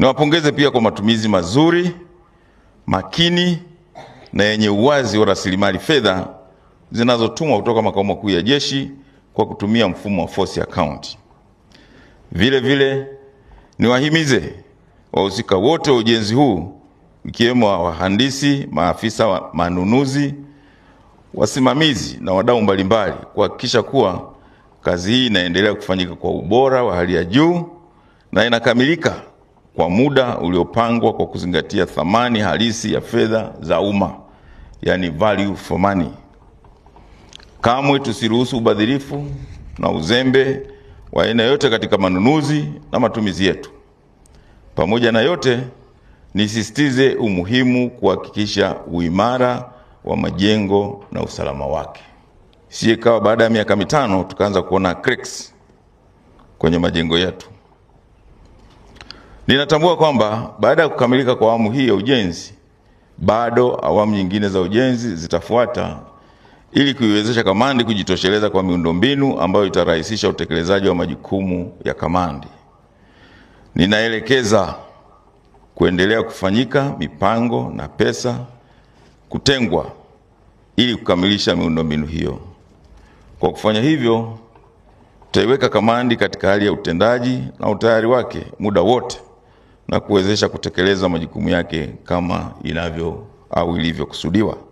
Niwapongeze pia kwa matumizi mazuri, makini na yenye uwazi wa rasilimali fedha zinazotumwa kutoka makao makuu ya jeshi kwa kutumia mfumo wa force account. Vile vile niwahimize wahusika wote wa ujenzi huu ikiwemo wahandisi, maafisa wa manunuzi, wasimamizi na wadau mbalimbali kuhakikisha kuwa kazi hii inaendelea kufanyika kwa ubora wa hali ya juu na inakamilika kwa muda uliopangwa kwa kuzingatia thamani halisi ya fedha za umma, yani value for money. Kamwe tusiruhusu ubadhirifu na uzembe wa aina yote katika manunuzi na matumizi yetu. Pamoja na yote, nisisitize umuhimu kuhakikisha uimara wa majengo na usalama wake. Sije kawa baada ya miaka mitano tukaanza kuona cracks kwenye majengo yetu. Ninatambua kwamba baada ya kukamilika kwa awamu hii ya ujenzi, bado awamu nyingine za ujenzi zitafuata ili kuiwezesha kamandi kujitosheleza kwa miundombinu ambayo itarahisisha utekelezaji wa majukumu ya kamandi. Ninaelekeza kuendelea kufanyika mipango na pesa kutengwa ili kukamilisha miundombinu hiyo. Kwa kufanya hivyo, tutaiweka kamandi katika hali ya utendaji na utayari wake muda wote na kuwezesha kutekeleza majukumu yake kama inavyo au ilivyokusudiwa.